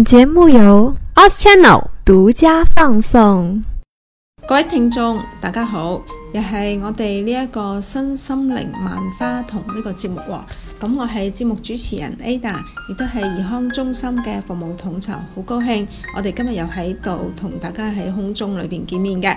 本節目由 Oz Channel 獨家放送。各位聽眾，大家好，又係我哋呢一個新心靈萬花筒呢、這個節目。咁、嗯、我係節目主持人 Ada，亦都係怡康中心嘅服務統籌，好高興我哋今日又喺度同大家喺空中裏邊見面嘅。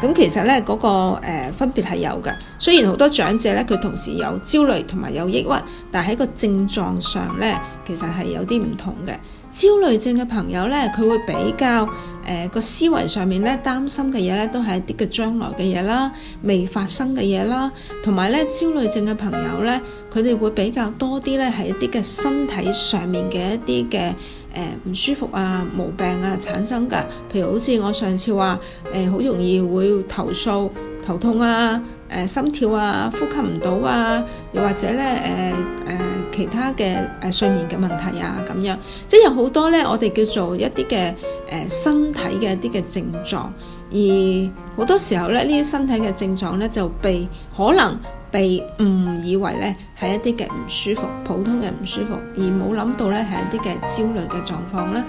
咁其實咧嗰個誒分別係有嘅，雖然好多長者咧佢同時有焦慮同埋有抑鬱，但喺個症狀上咧其實係有啲唔同嘅。焦慮症嘅朋友咧佢會比較誒個思維上面咧擔心嘅嘢咧都係一啲嘅將來嘅嘢啦、未發生嘅嘢啦，同埋咧焦慮症嘅朋友咧佢哋會比較多啲咧喺一啲嘅身體上面嘅一啲嘅。誒，唔、呃、舒服啊，毛病啊，產生㗎，譬如好似我上次話誒，好、呃、容易會投訴頭痛啊，誒、呃，心跳啊，呼吸唔到啊，又或者咧誒誒，其他嘅誒睡眠嘅問題啊，咁樣，即係有好多咧，我哋叫做一啲嘅誒身體嘅一啲嘅症狀，而好多時候咧呢啲身體嘅症狀咧就被可能。被誤以為咧係一啲嘅唔舒服，普通嘅唔舒服，而冇諗到咧係一啲嘅焦慮嘅狀況咧。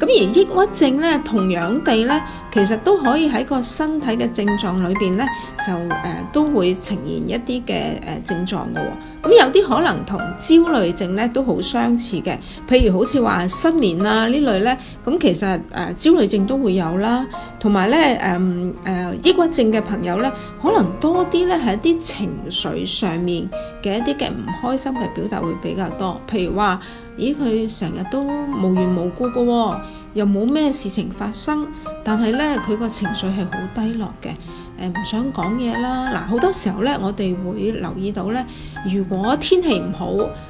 咁而抑鬱症咧，同樣地咧。其實都可以喺個身體嘅症狀裏邊咧，就誒、呃、都會呈現一啲嘅誒症狀嘅喎。咁、嗯、有啲可能同焦慮症咧都好相似嘅，譬如好似話失眠啊類呢類咧，咁其實誒、呃、焦慮症都會有啦。同埋咧誒誒抑鬱症嘅朋友咧，可能多啲咧係一啲情緒上面嘅一啲嘅唔開心嘅表達會比較多，譬如話咦佢成日都無緣無故㗎喎。又冇咩事情發生，但係咧佢個情緒係好低落嘅，誒、呃、唔想講嘢啦。嗱，好多時候咧，我哋會留意到咧，如果天氣唔好，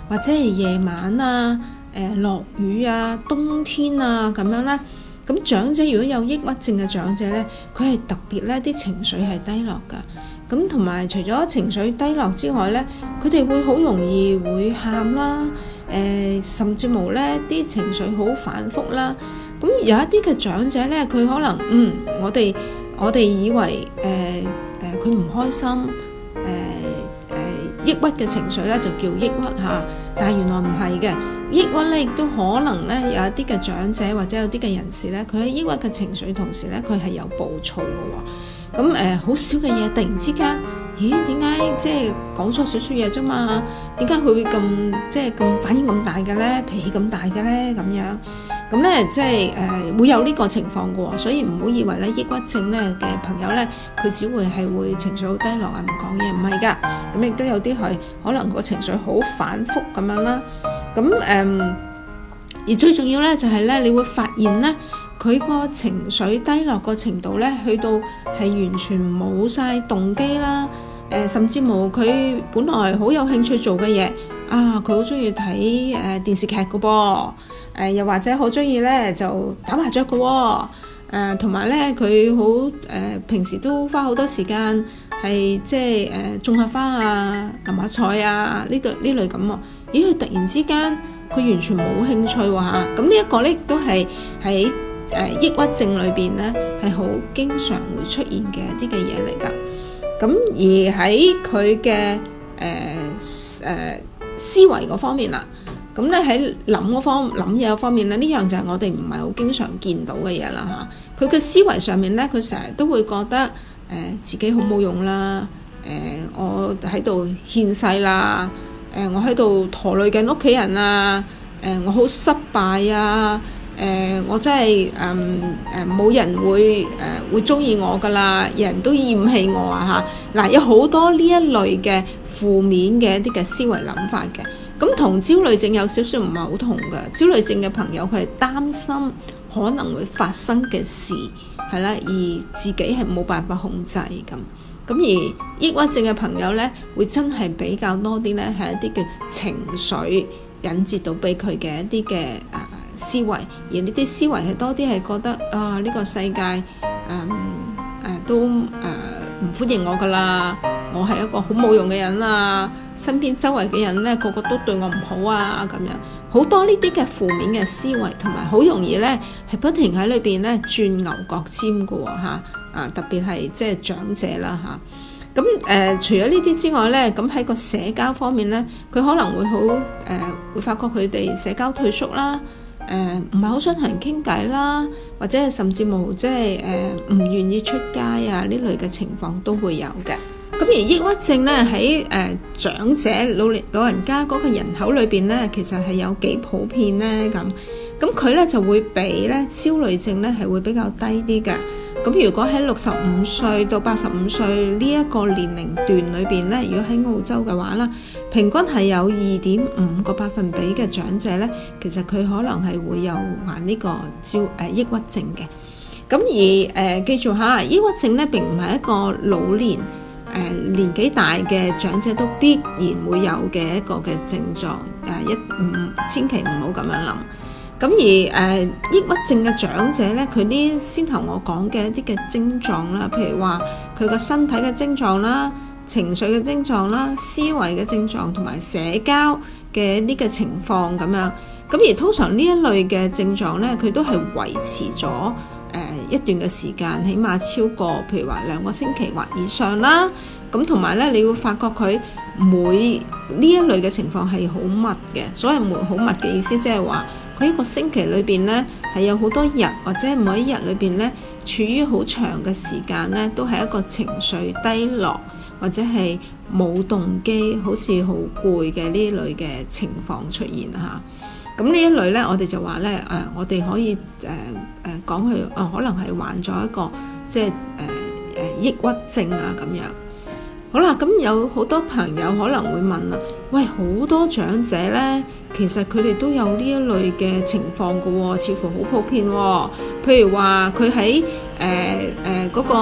或者係夜晚啊、誒、呃、落雨啊、冬天啊咁樣咧，咁長者如果有抑鬱症嘅長者咧，佢係特別咧啲情緒係低落㗎。咁同埋除咗情緒低落之外咧，佢哋會好容易會喊啦，誒、呃、甚至乎咧啲情緒好反覆啦。咁有一啲嘅長者咧，佢可能嗯，我哋我哋以為誒誒佢唔開心誒誒、呃呃、抑鬱嘅情緒咧，就叫抑鬱嚇、啊。但係原來唔係嘅，抑鬱咧亦都可能咧有一啲嘅長者或者有啲嘅人士咧，佢喺抑鬱嘅情緒同時咧，佢係有暴躁嘅喎。咁誒好少嘅嘢，啊、突然之間，咦？點解即係講錯少少嘢啫嘛？點解佢會咁即係咁反應咁大嘅咧？脾氣咁大嘅咧？咁樣？咁咧、嗯，即係誒、呃、會有呢個情況噶、哦，所以唔好以為咧抑鬱症咧嘅朋友咧，佢只會係會情緒好低落啊，唔講嘢，唔係噶，咁亦、嗯、都有啲係可能個情緒好反覆咁樣啦。咁、嗯、誒，而最重要咧就係、是、咧，你會發現咧，佢個情緒低落個程度咧，去到係完全冇晒動機啦。誒、呃，甚至冇佢本來好有興趣做嘅嘢啊，佢好中意睇誒電視劇噶噃。誒、呃，又或者好中意咧就打麻雀嘅，誒、呃，同埋咧佢好誒，平時都花好多時間係即係誒，種、呃、下花啊、淋下菜啊呢度呢類咁咦，佢、呃、突然之間佢完全冇興趣吓、哦、咁、啊嗯，這個、呢一個咧都係喺誒抑鬱症裏邊咧係好經常會出現嘅一啲嘅嘢嚟噶，咁、這個嗯、而喺佢嘅誒誒思維嗰、呃、方面啦。咁咧喺諗嗰方諗嘢方面咧，呢樣就係我哋唔係好經常見到嘅嘢啦嚇。佢嘅思維上面咧，佢成日都會覺得誒、呃、自己好冇用啦、啊，誒、呃、我喺度獻世啦、啊，誒、呃、我喺度拖累緊屋企人啊，誒、呃、我好失敗啊，誒、呃、我真係誒誒冇人會誒、呃、會中意我噶啦，人都厭棄我啊嚇。嗱、呃、有好多呢一類嘅負面嘅一啲嘅思維諗法嘅。咁同焦慮症有少少唔係好同嘅，焦慮症嘅朋友佢係擔心可能會發生嘅事，係啦，而自己係冇辦法控制咁，咁而抑鬱症嘅朋友咧，會真係比較多啲咧，係一啲嘅情緒引致到俾佢嘅一啲嘅誒思維，而呢啲思維係多啲係覺得啊，呢個世界誒誒都誒唔歡迎我噶啦，我係一個好冇用嘅人啦。身邊周圍嘅人咧，個個都對我唔好啊，咁樣好多呢啲嘅負面嘅思維，同埋好容易咧係不停喺裏邊咧轉牛角尖㗎喎、哦，吓啊特別係即係長者啦，吓、啊，咁誒、呃、除咗呢啲之外咧，咁喺個社交方面咧，佢可能會好誒、呃、會發覺佢哋社交退縮啦，誒唔係好想同人傾偈啦，或者係甚至無即係誒唔願意出街啊呢類嘅情況都會有嘅。咁而抑鬱症咧喺誒長者老年老人家嗰個人口裏邊咧，其實係有幾普遍咧咁。咁佢咧就會比咧焦慮症咧係會比較低啲嘅。咁如果喺六十五歲到八十五歲呢一個年齡段裏邊咧，如果喺澳洲嘅話啦，平均係有二點五個百分比嘅長者咧，其實佢可能係會有患呢個焦誒抑鬱症嘅。咁而誒，記住下，抑鬱症咧並唔係一個老年。誒年紀大嘅長者都必然會有嘅一個嘅症狀，誒一唔千祈唔好咁樣諗。咁而誒、呃、抑鬱症嘅長者咧，佢啲先頭我講嘅一啲嘅症狀啦，譬如話佢個身體嘅症狀啦、情緒嘅症狀啦、思維嘅症狀同埋社交嘅呢個情況咁樣。咁而通常呢一類嘅症狀咧，佢都係維持咗。誒、呃、一段嘅時間，起碼超過，譬如話兩個星期或以上啦。咁同埋咧，你會發覺佢每呢一類嘅情況係好密嘅，所謂冇好密嘅意思，即係話佢一個星期裏邊咧係有好多日，或者每一日裏邊咧處於好長嘅時間咧，都係一個情緒低落或者係冇動機，好似好攰嘅呢類嘅情況出現嚇。咁呢一類咧，我哋就話咧，誒、啊，我哋可以誒誒講佢，誒、呃呃呃、可能係患咗一個即係誒誒抑鬱症啊咁樣。好啦，咁、嗯、有好多朋友可能會問啦，喂，好多長者咧，其實佢哋都有呢一類嘅情況噶喎，似乎好普遍喎、哦。譬如話佢喺誒誒嗰個、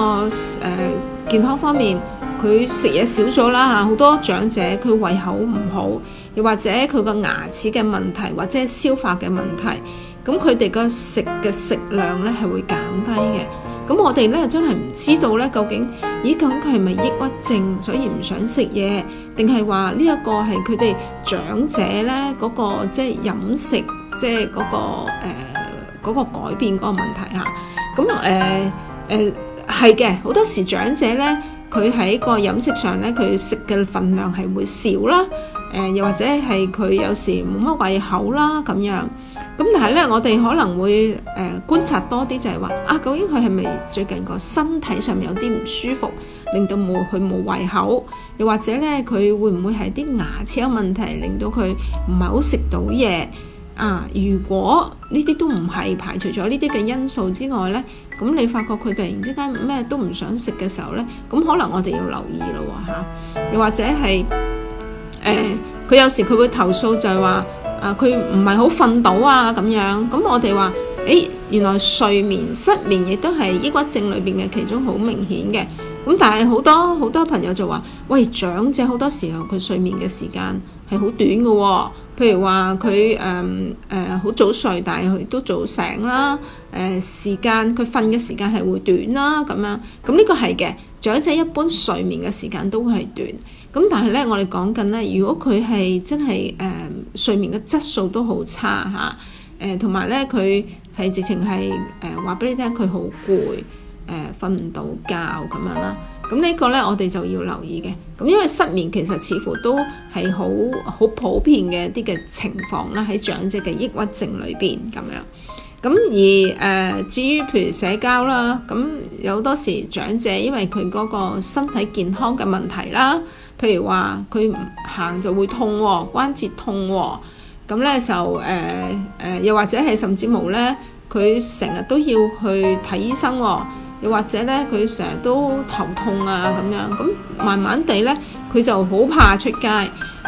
呃、健康方面，佢食嘢少咗啦嚇，好多長者佢胃口唔好。又或者佢個牙齒嘅問題，或者消化嘅問題，咁佢哋個食嘅食量咧係會減低嘅。咁我哋咧真係唔知道咧，究竟咦究竟佢係咪抑鬱症，所以唔想食嘢，定係話呢一個係佢哋長者咧嗰個即係飲食即係嗰個誒嗰個改變嗰個問題嚇？咁誒誒係嘅，好多時長者咧佢喺個飲食上咧，佢食嘅份量係會少啦。誒、呃、又或者係佢有時冇乜胃口啦咁樣，咁但係咧，我哋可能會誒、呃、觀察多啲，就係話啊，究竟佢係咪最近個身體上面有啲唔舒服，令到冇佢冇胃口，又或者咧佢會唔會係啲牙齒有問題，令到佢唔係好食到嘢啊？如果呢啲都唔係排除咗呢啲嘅因素之外咧，咁你發覺佢突然之間咩都唔想食嘅時候咧，咁可能我哋要留意咯嚇、啊，又或者係。誒，佢、呃、有時佢會投訴就係話，啊，佢唔係好瞓到啊咁樣。咁、嗯、我哋話，誒，原來睡眠失眠亦都係抑鬱症裏邊嘅其中好明顯嘅。咁、嗯、但係好多好多朋友就話，喂，長者好多時候佢睡眠嘅時間係好短㗎、哦。譬如話佢誒誒好早睡，但係佢都早醒啦。誒、呃，時間佢瞓嘅時間係會短啦咁樣。咁、嗯、呢、呢個係嘅，長者一般睡眠嘅時間都會係短。咁但係咧，我哋講緊咧，如果佢係真係誒、呃、睡眠嘅質素都好差吓，誒同埋咧佢係直情係誒話俾你聽，佢好攰，誒瞓唔到覺咁樣啦。咁呢個咧，我哋就要留意嘅。咁因為失眠其實似乎都係好好普遍嘅一啲嘅情況啦，喺長者嘅抑鬱症裏邊咁樣。咁而誒、呃、至於譬如社交啦，咁有多時長者因為佢嗰個身體健康嘅問題啦。譬如話佢唔行就會痛喎，關節痛喎，咁咧就誒誒、呃呃，又或者係甚至乎咧，佢成日都要去睇醫生喎，又或者咧佢成日都頭痛啊咁樣，咁慢慢地咧佢就好怕出街，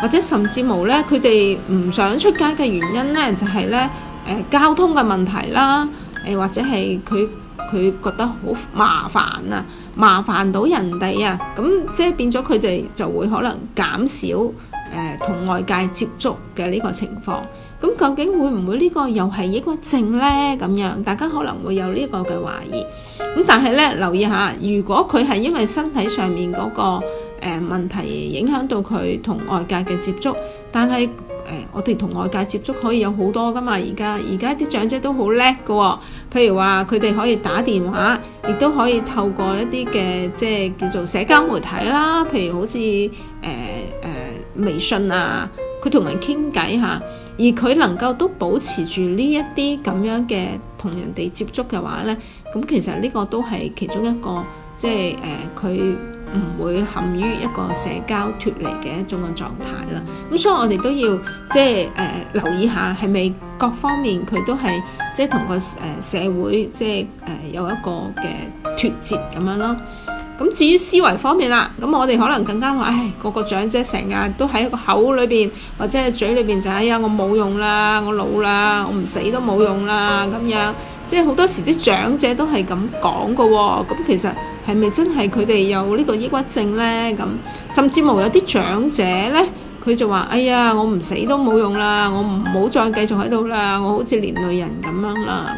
或者甚至乎咧佢哋唔想出街嘅原因咧就係咧誒交通嘅問題啦，誒、呃、或者係佢。佢覺得好麻煩啊，麻煩到人哋啊，咁即係變咗佢哋就會可能減少誒同、呃、外界接觸嘅呢個情況。咁究竟會唔會呢個又係抑鬱症呢？咁樣大家可能會有呢個嘅懷疑。咁但係呢，留意下，如果佢係因為身體上面嗰個。誒、呃、問題影響到佢同外界嘅接觸，但係誒、呃、我哋同外界接觸可以有好多㗎嘛，而家而家啲長者都好叻㗎，譬如話佢哋可以打電話，亦都可以透過一啲嘅即係叫做社交媒體啦，譬如好似誒誒微信啊，佢同人傾偈吓，而佢能夠都保持住呢一啲咁樣嘅同人哋接觸嘅話咧，咁其實呢個都係其中一個即係誒佢。呃唔會陷於一個社交脫離嘅一種嘅狀態啦，咁所以我哋都要即係誒留意下係咪各方面佢都係即係同個誒社會即係誒有一個嘅脫節咁樣咯。咁至於思維方面啦，咁我哋可能更加話，唉、哎，個個長者成日都喺個口裏邊或者係嘴裏邊就是、哎呀，我冇用啦，我老啦，我唔死都冇用啦咁樣。即係好多時啲長者都係咁講嘅喎，咁其實係咪真係佢哋有呢個抑鬱症呢？咁甚至無有啲長者呢，佢就話：哎呀，我唔死都冇用啦，我唔好再繼續喺度啦，我好似連累人咁樣啦，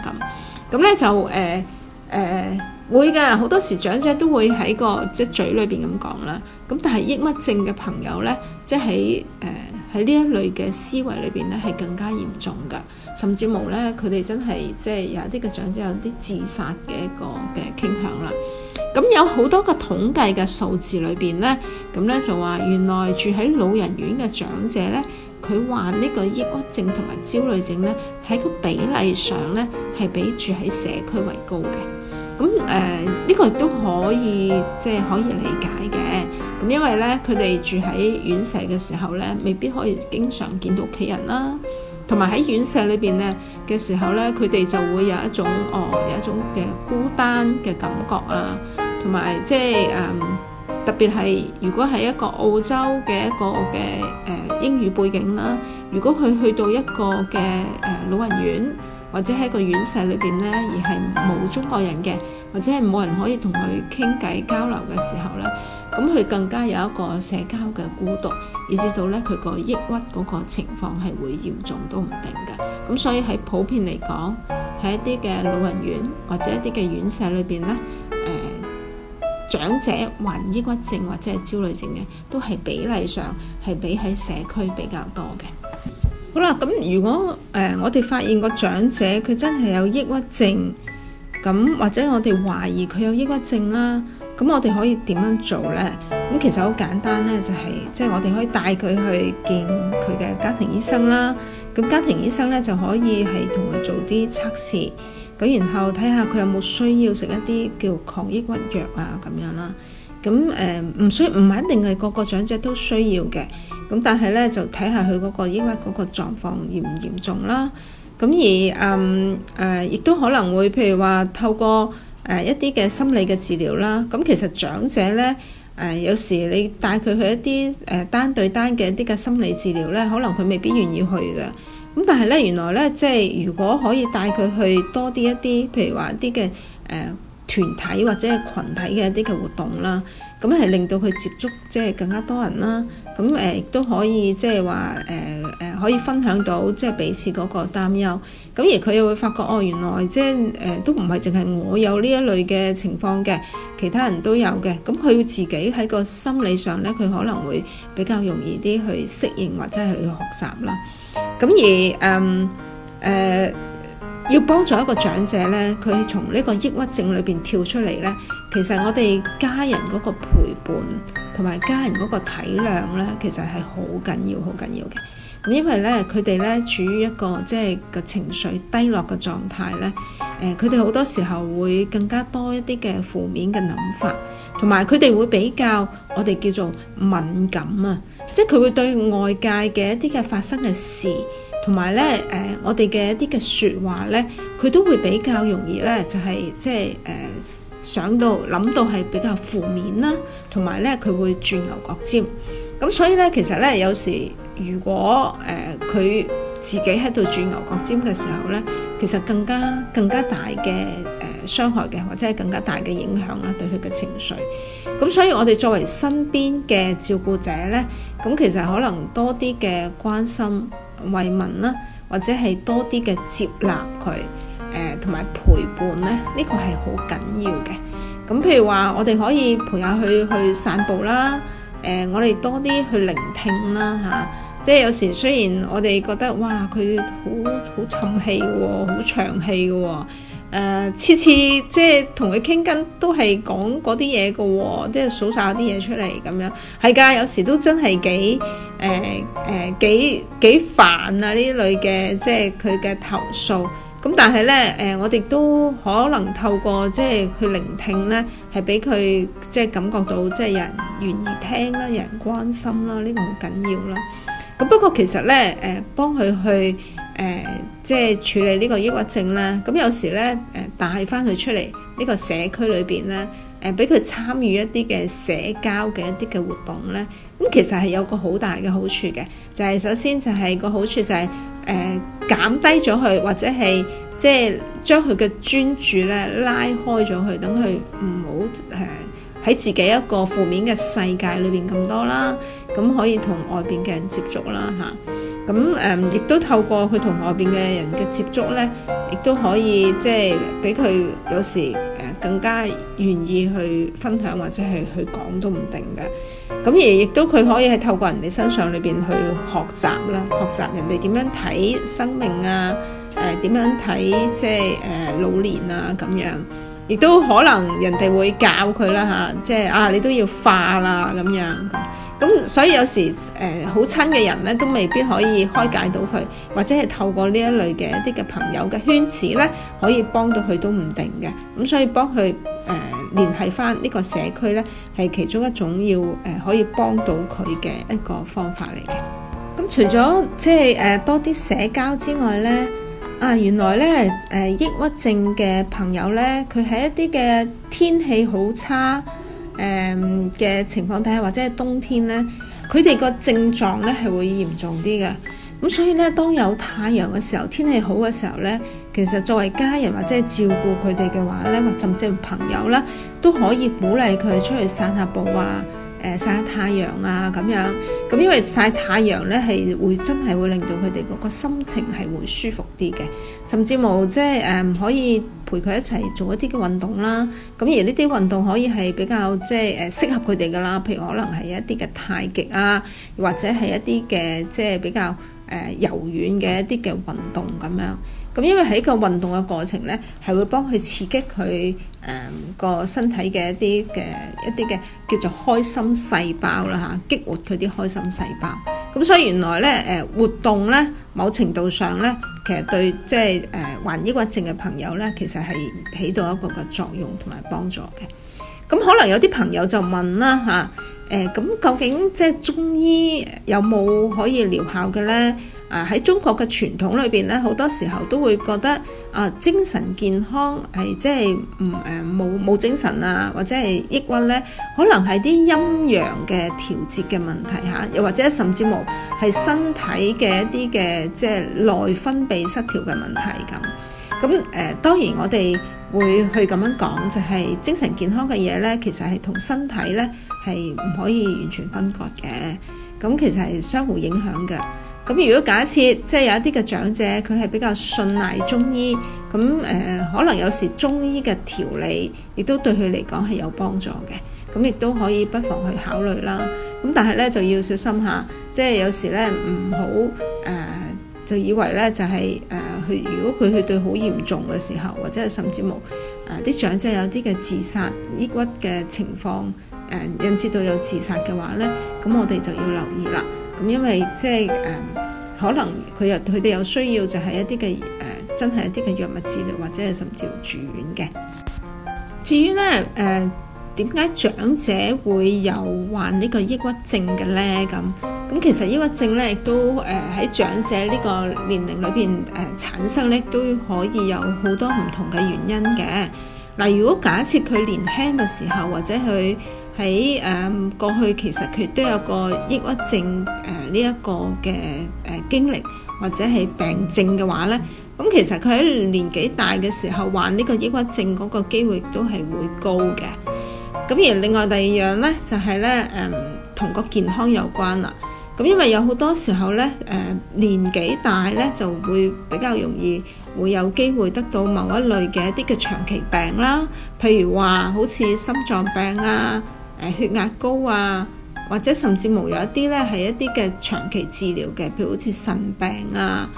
咁咁呢就誒誒、呃呃、會㗎，好多時長者都會喺個即係嘴裏邊咁講啦。咁但係抑鬱症嘅朋友呢，即係喺，呃喺呢一類嘅思維裏邊咧，係更加嚴重噶，甚至無咧，佢哋真係即係有啲嘅長者有啲自殺嘅一個嘅傾向啦。咁有好多個統計嘅數字裏邊咧，咁咧就話原來住喺老人院嘅長者咧，佢話呢個抑鬱症同埋焦慮症咧，喺個比例上咧係比住喺社區為高嘅。咁誒，呢個亦都可以即係可以理解嘅。因為咧，佢哋住喺院舍嘅時候咧，未必可以經常見到屋企人啦。同埋喺院舍裏邊咧嘅時候咧，佢哋就會有一種哦，有一種嘅孤單嘅感覺啊。同埋即係誒，嗯，特別係如果係一個澳洲嘅一個嘅誒英語背景啦，如果佢去到一個嘅誒老人院或者喺個院舍裏邊咧，而係冇中國人嘅，或者係冇人可以同佢傾偈交流嘅時候咧。咁佢更加有一個社交嘅孤獨，以至到咧佢個抑鬱嗰個情況係會嚴重都唔定嘅。咁所以喺普遍嚟講，喺一啲嘅老人院或者一啲嘅院舍裏邊咧，誒長者患抑鬱症或者係焦慮症嘅，都係比例上係比喺社區比較多嘅。好啦，咁如果誒我哋發現個長者佢真係有抑鬱症，咁或者我哋懷疑佢有抑鬱症啦。咁我哋可以點樣做呢？咁其實好簡單呢，就係即係我哋可以帶佢去見佢嘅家庭醫生啦。咁家庭醫生呢，就可以係同佢做啲測試，咁然後睇下佢有冇需要食一啲叫抗抑鬱藥啊咁樣啦。咁誒唔需唔係一定係個個長者都需要嘅。咁但係呢，就睇下佢嗰個抑鬱嗰個狀況嚴唔嚴重啦。咁而嗯誒、呃、亦都可能會譬如話透過誒、啊、一啲嘅心理嘅治療啦，咁、啊、其實長者咧，誒、啊、有時你帶佢去一啲誒、呃、單對單嘅一啲嘅心理治療咧，可能佢未必願意去嘅。咁、啊、但係咧，原來咧即係如果可以帶佢去多啲一啲，譬如話一啲嘅誒團體或者係群體嘅一啲嘅活動啦。啊咁係令到佢接觸即係更加多人啦，咁誒亦都可以即係話誒誒可以分享到即係彼此嗰個擔憂，咁而佢又會發覺哦原來即係誒都唔係淨係我有呢一類嘅情況嘅，其他人都有嘅，咁佢自己喺個心理上咧，佢可能會比較容易啲去適應或者係去學習啦，咁而嗯誒。嗯要幫助一個長者咧，佢從呢個抑鬱症裏邊跳出嚟咧，其實我哋家人嗰個陪伴同埋家人嗰個體諒咧，其實係好緊要，好緊要嘅。因為咧，佢哋咧處於一個即係個情緒低落嘅狀態咧，誒、呃，佢哋好多時候會更加多一啲嘅負面嘅諗法，同埋佢哋會比較我哋叫做敏感啊，即係佢會對外界嘅一啲嘅發生嘅事。同埋咧，誒、呃，我哋嘅一啲嘅説話咧，佢都會比較容易咧，就係即係誒想到諗到係比較負面啦。同埋咧，佢會鑽牛角尖。咁所以咧，其實咧，有時如果誒佢、呃、自己喺度鑽牛角尖嘅時候咧，其實更加更加大嘅誒、呃、傷害嘅，或者係更加大嘅影響啦，對佢嘅情緒。咁所以，我哋作為身邊嘅照顧者咧，咁其實可能多啲嘅關心。慰問啦，或者係多啲嘅接納佢，誒、呃，同埋陪伴咧，呢、這個係好緊要嘅。咁譬如話，我哋可以陪下佢去，去散步啦，誒、呃，我哋多啲去聆聽啦吓、啊，即係有時雖然我哋覺得哇，佢好好沉氣嘅，好長氣嘅。誒次次即係同佢傾緊都係講嗰啲嘢嘅喎，即係數晒啲嘢出嚟咁樣，係㗎，有時都真係幾誒誒幾幾煩啊呢類嘅，即係佢嘅投訴。咁但係咧誒，我哋都可能透過即係佢聆聽咧，係俾佢即係感覺到即係有人願意聽啦，有人關心啦，呢個好緊要啦。咁不過其實咧誒，幫佢去。誒、呃，即係處理呢個抑鬱症啦。咁有時咧，誒帶返佢出嚟呢個社區裏邊咧，誒俾佢參與一啲嘅社交嘅一啲嘅活動咧，咁其實係有個好大嘅好處嘅，就係、是、首先就係個好處就係誒減低咗佢，或者係即係將佢嘅專注咧拉開咗佢，等佢唔好誒喺自己一個負面嘅世界裏邊咁多啦，咁可以同外邊嘅人接觸啦嚇。啊。咁誒、嗯，亦都透過佢同外邊嘅人嘅接觸咧，亦都可以即係俾佢有時誒、呃、更加願意去分享或者係去講都唔定嘅。咁而亦都佢可以係透過人哋身上裏邊去學習啦，學習人哋點樣睇生命啊，誒、呃、點樣睇即係誒、呃、老年啊咁樣，亦都可能人哋會教佢啦吓，即係啊你都要化啦咁樣。咁所以有時誒好、呃、親嘅人咧，都未必可以開解到佢，或者係透過呢一類嘅一啲嘅朋友嘅圈子咧，可以幫到佢都唔定嘅。咁所以幫佢誒聯繫翻呢個社區咧，係其中一種要誒、呃、可以幫到佢嘅一個方法嚟嘅。咁除咗即係誒多啲社交之外咧，啊原來咧誒、呃、抑鬱症嘅朋友咧，佢喺一啲嘅天氣好差，誒嘅、嗯、情況底下，或者係冬天咧，佢哋個症狀咧係會嚴重啲嘅。咁所以咧，當有太陽嘅時候，天氣好嘅時候咧，其實作為家人或者係照顧佢哋嘅話咧，或者甚至係朋友啦，都可以鼓勵佢出去散下步啊。誒，曬、呃、太陽啊，咁樣，咁因為曬太陽咧係會真係會令到佢哋嗰個心情係會舒服啲嘅，甚至冇即係誒唔可以陪佢一齊做一啲嘅運動啦，咁而呢啲運動可以係比較即係誒適合佢哋噶啦，譬如可能係一啲嘅太極啊，或者係一啲嘅即係比較誒、呃、柔軟嘅一啲嘅運動咁樣。咁因為喺個運動嘅過程咧，係會幫佢刺激佢誒、呃、個身體嘅一啲嘅一啲嘅叫做開心細胞啦吓、啊、激活佢啲開心細胞。咁所以原來咧誒、呃、活動咧，某程度上咧，其實對即係誒患抑鬱症嘅朋友咧，其實係起到一個嘅作用同埋幫助嘅。咁可能有啲朋友就問啦吓誒，咁、啊呃、究竟即係中醫有冇可以療效嘅咧？啊！喺中國嘅傳統裏邊咧，好多時候都會覺得啊，精神健康係即係唔誒冇冇精神啊，或者係抑鬱咧，可能係啲陰陽嘅調節嘅問題嚇，又或者甚至乎係身體嘅一啲嘅即係內分泌失調嘅問題咁。咁誒、呃，當然我哋會去咁樣講，就係、是、精神健康嘅嘢咧，其實係同身體咧係唔可以完全分割嘅，咁其實係相互影響嘅。咁如果假設即係有一啲嘅長者，佢係比較信賴中醫，咁誒、呃、可能有時中醫嘅調理亦都對佢嚟講係有幫助嘅，咁亦都可以不妨去考慮啦。咁但係咧就要小心下，即係有時咧唔好誒、呃、就以為咧就係誒佢如果佢去對好嚴重嘅時候，或者係甚至冇誒啲長者有啲嘅自殺抑鬱嘅情況，誒引致到有自殺嘅話咧，咁我哋就要留意啦。咁因為即係誒，可能佢有佢哋有需要，就係一啲嘅誒，真係一啲嘅藥物治療，或者係甚至住院嘅。至於咧誒，點解長者會有患呢個抑鬱症嘅咧？咁咁其實抑鬱症咧，亦都誒喺長者呢個年齡裏邊誒產生咧，都可以有好多唔同嘅原因嘅。嗱，如果假設佢年輕嘅時候或者佢喺誒過去其實佢都有個抑鬱症誒呢一個嘅誒經歷或者係病症嘅話咧，咁其實佢喺年紀大嘅時候患呢個抑鬱症嗰個機會都係會高嘅。咁而另外第二樣咧就係咧誒同個健康有關啦。咁因為有好多時候咧誒年紀大咧就會比較容易會有機會得到某一類嘅一啲嘅長期病啦，譬如話好似心臟病啊。誒血壓高啊，或者甚至乎有一啲咧係一啲嘅長期治療嘅，譬如好似腎病啊，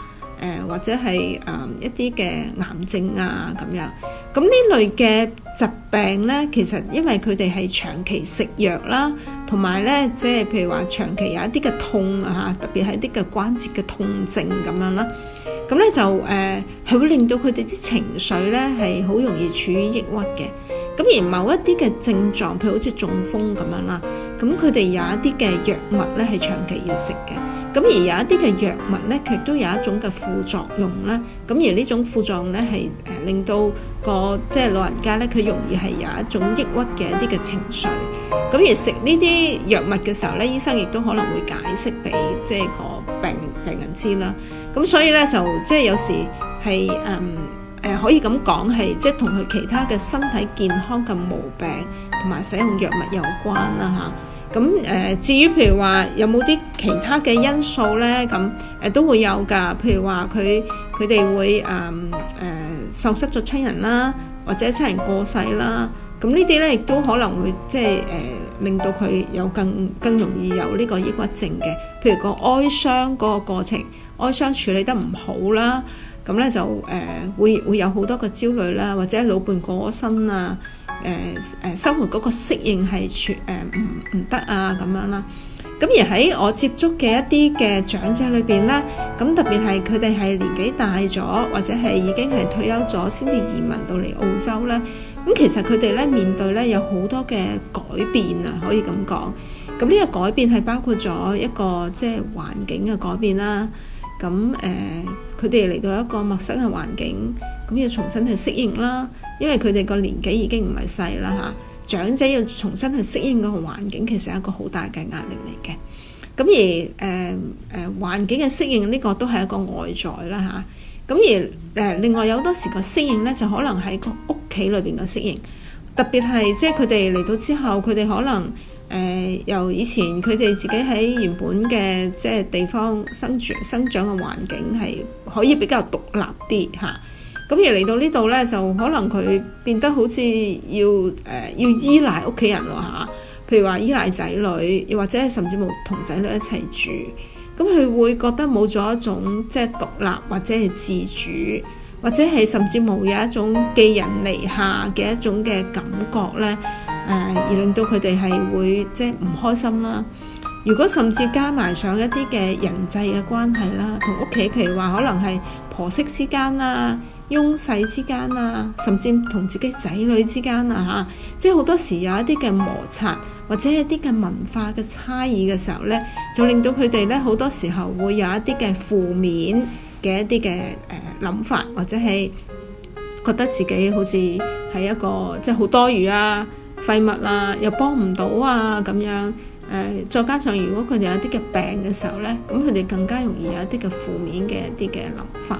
誒、呃、或者係誒、呃、一啲嘅癌症啊咁樣。咁呢類嘅疾病咧，其實因為佢哋係長期食藥啦，同埋咧即係譬如話長期有一啲嘅痛啊嚇，特別係一啲嘅關節嘅痛症咁樣啦。咁咧就誒係、呃、會令到佢哋啲情緒咧係好容易處於抑鬱嘅。咁而某一啲嘅症狀，譬如好似中風咁樣啦，咁佢哋有一啲嘅藥物咧係長期要食嘅。咁而有一啲嘅藥物咧，佢都有一種嘅副作用啦。咁而呢種副作用咧係誒令到個即係老人家咧，佢容易係有一種抑鬱嘅一啲嘅情緒。咁而食呢啲藥物嘅時候咧，醫生亦都可能會解釋俾即係個病病人知啦。咁所以咧就即係有時係誒。嗯誒、呃、可以咁講係，即係同佢其他嘅身體健康嘅毛病同埋使用藥物有關啦嚇。咁、啊、誒、呃、至於譬如話有冇啲其他嘅因素咧？咁誒、呃、都會有㗎。譬如話佢佢哋會誒誒、呃呃、喪失咗親人啦，或者親人過世啦。咁、啊、呢啲咧亦都可能會即係誒、呃、令到佢有更更容易有呢個抑鬱症嘅。譬如個哀傷嗰個過程，哀傷處理得唔好啦。咁咧就誒會會有好多嘅焦慮啦，或者老伴過咗身啊，誒誒生活嗰個適應係全誒唔唔得啊咁樣啦。咁而喺我接觸嘅一啲嘅長者裏邊咧，咁特別係佢哋係年紀大咗，或者係已經係退休咗先至移民到嚟澳洲啦。咁其實佢哋咧面對咧有好多嘅改變啊，可以咁講。咁呢個改變係包括咗一個即係環境嘅改變啦。咁誒。佢哋嚟到一個陌生嘅環境，咁要重新去適應啦。因為佢哋個年紀已經唔係細啦嚇，長者要重新去適應嗰個環境，其實係一個好大嘅壓力嚟嘅。咁而誒誒、呃呃、環境嘅適應呢個都係一個外在啦嚇。咁、啊、而誒、呃、另外有好多時個適應咧，就可能喺個屋企裏邊嘅適應，特別係即係佢哋嚟到之後，佢哋可能。誒、呃，由以前佢哋自己喺原本嘅即係地方生存、生長嘅環境係可以比較獨立啲吓。咁、啊、而嚟到呢度呢，就可能佢變得好似要誒、呃、要依賴屋企人喎、啊、譬如話依賴仔女，又或者係甚至乎同仔女一齊住，咁、啊、佢會覺得冇咗一種即係獨立或者係自主，或者係甚至冇有一種寄人籬下嘅一種嘅感覺呢。誒、而令到佢哋係會即係唔開心啦。如果甚至加埋上一啲嘅人際嘅關係啦，同屋企，譬如話可能係婆媳之間啦、啊、翁婿之間啦、啊，甚至同自己仔女之間啊嚇，即係好多時有一啲嘅摩擦，或者一啲嘅文化嘅差異嘅時候呢，就令到佢哋呢好多時候會有一啲嘅負面嘅一啲嘅誒諗法，或者係覺得自己好似係一個即係好多餘啊～廢物啊，又幫唔到啊，咁樣、呃、再加上如果佢哋有一啲嘅病嘅時候呢，咁佢哋更加容易有一啲嘅負面嘅一啲嘅諗法。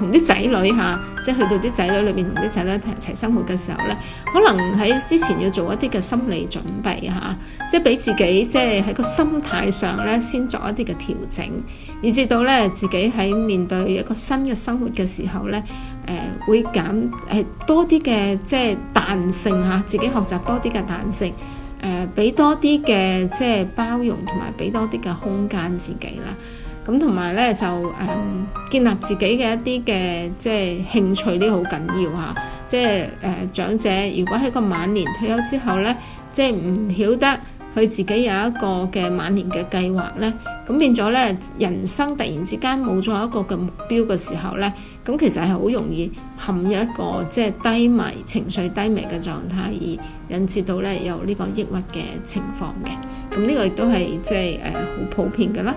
同啲仔女吓、啊，即係去到啲仔女裏邊同啲仔女一齊生活嘅時候咧，可能喺之前要做一啲嘅心理準備吓、啊，即係俾自己即係喺個心態上咧先作一啲嘅調整，以至到咧自己喺面對一個新嘅生活嘅時候咧，誒、呃、會減誒、呃、多啲嘅即係彈性吓、啊，自己學習多啲嘅彈性，誒、呃、俾多啲嘅即係包容同埋俾多啲嘅空間自己啦。啊。咁同埋咧就誒、嗯、建立自己嘅一啲嘅即係興趣呢，好緊要嚇。即係誒長者如果喺個晚年退休之後咧，即係唔曉得佢自己有一個嘅晚年嘅計劃咧，咁變咗咧人生突然之間冇咗一個嘅目標嘅時候咧，咁其實係好容易陷入一個即係、就是、低迷情緒低迷嘅狀態，而引致到咧有呢個抑鬱嘅情況嘅。咁呢個亦都係即係誒好普遍嘅啦。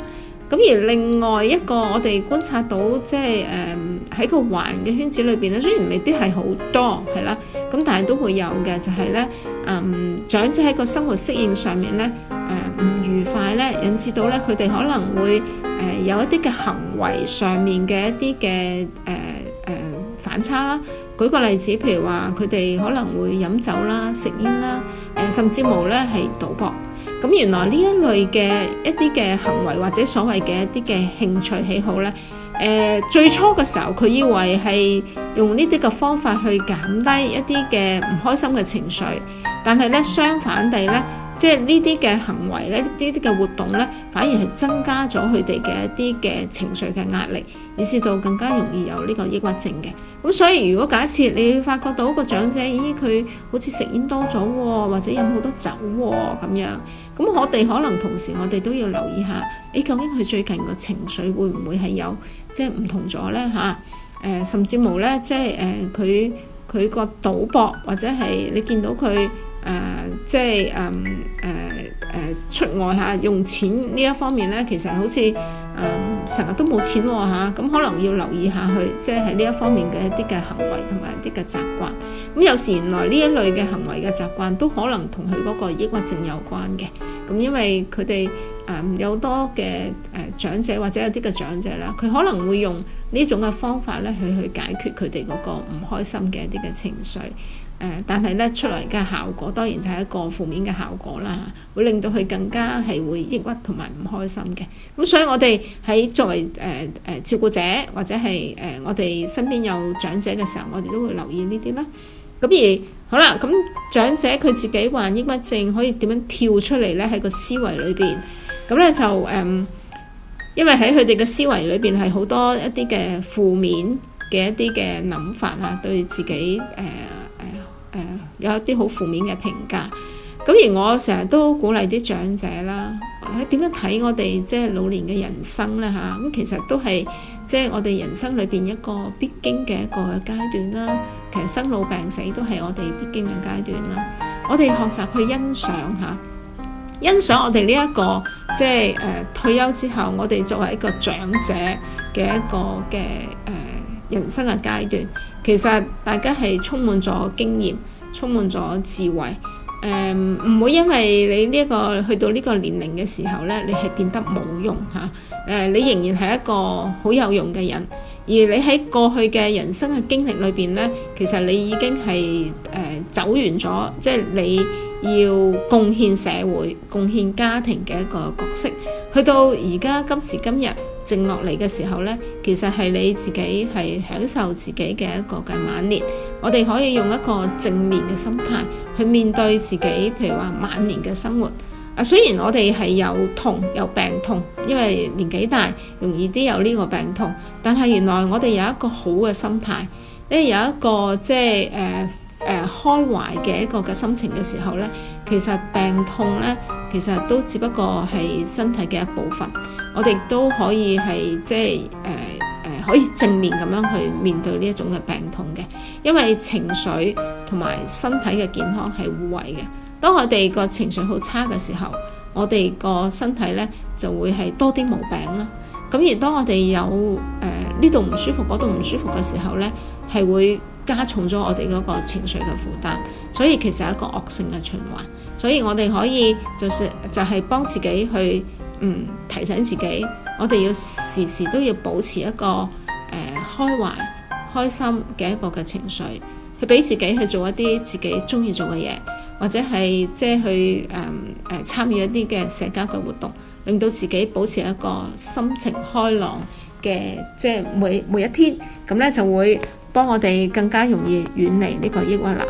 咁而另外一個，我哋觀察到即係誒喺個環嘅圈子裏邊咧，雖然未必係好多，係啦，咁但係都會有嘅，就係、是、咧，誒、呃、長者喺個生活適應上面咧，誒、呃、唔愉快咧，引致到咧佢哋可能會誒、呃、有一啲嘅行為上面嘅一啲嘅誒誒反差啦。舉個例子，譬如話佢哋可能會飲酒啦、食煙啦，誒、呃、甚至乎咧係賭博。咁原來呢一類嘅一啲嘅行為或者所謂嘅一啲嘅興趣喜好呢，誒、呃、最初嘅時候佢以為係用呢啲嘅方法去減低一啲嘅唔開心嘅情緒，但係呢，相反地呢，即係呢啲嘅行為呢，呢啲嘅活動呢，反而係增加咗佢哋嘅一啲嘅情緒嘅壓力，以至到更加容易有呢個抑鬱症嘅。咁、嗯、所以如果假設你發覺到一個長者，咦佢好似食煙多咗喎，或者飲好多酒喎咁樣。咁我哋可能同時我哋都要留意下，誒究竟佢最近個情緒會唔會係有即係唔同咗咧？吓，誒甚至無咧，即係誒，佢佢個賭博或者係你見到佢。誒、呃，即係誒誒誒出外嚇用錢呢一方面咧，其實好似誒成日都冇錢喎嚇，咁、嗯、可能要留意下佢，即係喺呢一方面嘅一啲嘅行為同埋一啲嘅習慣。咁、嗯、有時原來呢一類嘅行為嘅習慣，都可能同佢嗰個抑鬱症有關嘅。咁、嗯、因為佢哋誒有多嘅誒長者或者有啲嘅長者啦，佢可能會用呢種嘅方法咧去去解決佢哋嗰個唔開心嘅一啲嘅情緒。誒，但係咧出嚟嘅效果當然就係一個負面嘅效果啦，會令到佢更加係會抑鬱同埋唔開心嘅。咁所以我哋喺作為誒誒照顧者，或者係誒我哋身邊有長者嘅時候，我哋都會留意呢啲啦。咁而好啦，咁長者佢自己患抑鬱症，可以點樣跳出嚟呢？喺個思維裏邊咁呢就誒，因為喺佢哋嘅思維裏邊係好多一啲嘅負面嘅一啲嘅諗法啊，對自己誒。有一啲好負面嘅評價，咁而我成日都鼓勵啲長者啦。喺點樣睇我哋即係老年嘅人生咧？嚇咁其實都係即係我哋人生裏邊一個必經嘅一個階段啦。其實生老病死都係我哋必經嘅階段啦。我哋學習去欣賞嚇，欣賞我哋呢一個即係誒退休之後，我哋作為一個長者嘅一個嘅誒人生嘅階段，其實大家係充滿咗經驗，充滿咗智慧，誒、嗯、唔會因為你呢、這、一個去到呢個年齡嘅時候咧，你係變得冇用嚇。誒、啊，你仍然係一個好有用嘅人，而你喺過去嘅人生嘅經歷裏邊咧，其實你已經係誒、呃、走完咗，即、就、係、是、你要貢獻社會、貢獻家庭嘅一個角色。去到而家今時今日。靜落嚟嘅時候呢，其實係你自己係享受自己嘅一個嘅晚年。我哋可以用一個正面嘅心態去面對自己，譬如話晚年嘅生活。啊，雖然我哋係有痛有病痛，因為年紀大，容易啲有呢個病痛。但係原來我哋有一個好嘅心態，咧有一個即係誒誒開懷嘅一個嘅心情嘅時候呢，其實病痛呢，其實都只不過係身體嘅一部分。我哋都可以係即係誒誒，可以正面咁樣去面對呢一種嘅病痛嘅，因為情緒同埋身體嘅健康係互惠嘅。當我哋個情緒好差嘅時候，我哋個身體咧就會係多啲毛病啦。咁而當我哋有誒呢度唔舒服、嗰度唔舒服嘅時候咧，係會加重咗我哋嗰個情緒嘅負擔，所以其實係一個惡性嘅循環。所以我哋可以就是就係、是、幫自己去。嗯，提醒自己，我哋要時時都要保持一個誒、呃、開懷開心嘅一個嘅情緒，去俾自己去做一啲自己中意做嘅嘢，或者係即係去誒誒參與一啲嘅社交嘅活動，令到自己保持一個心情開朗嘅，即係每每一天咁咧就會幫我哋更加容易遠離呢個抑鬱啦。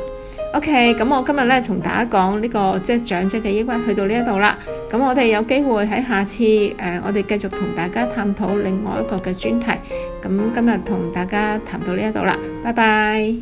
O K，咁我今日咧同大家講呢、這個即係長者嘅抑鬱去到呢一度啦。咁我哋有機會喺下次誒、呃，我哋繼續同大家探討另外一個嘅專題。咁今日同大家談到呢一度啦，拜拜。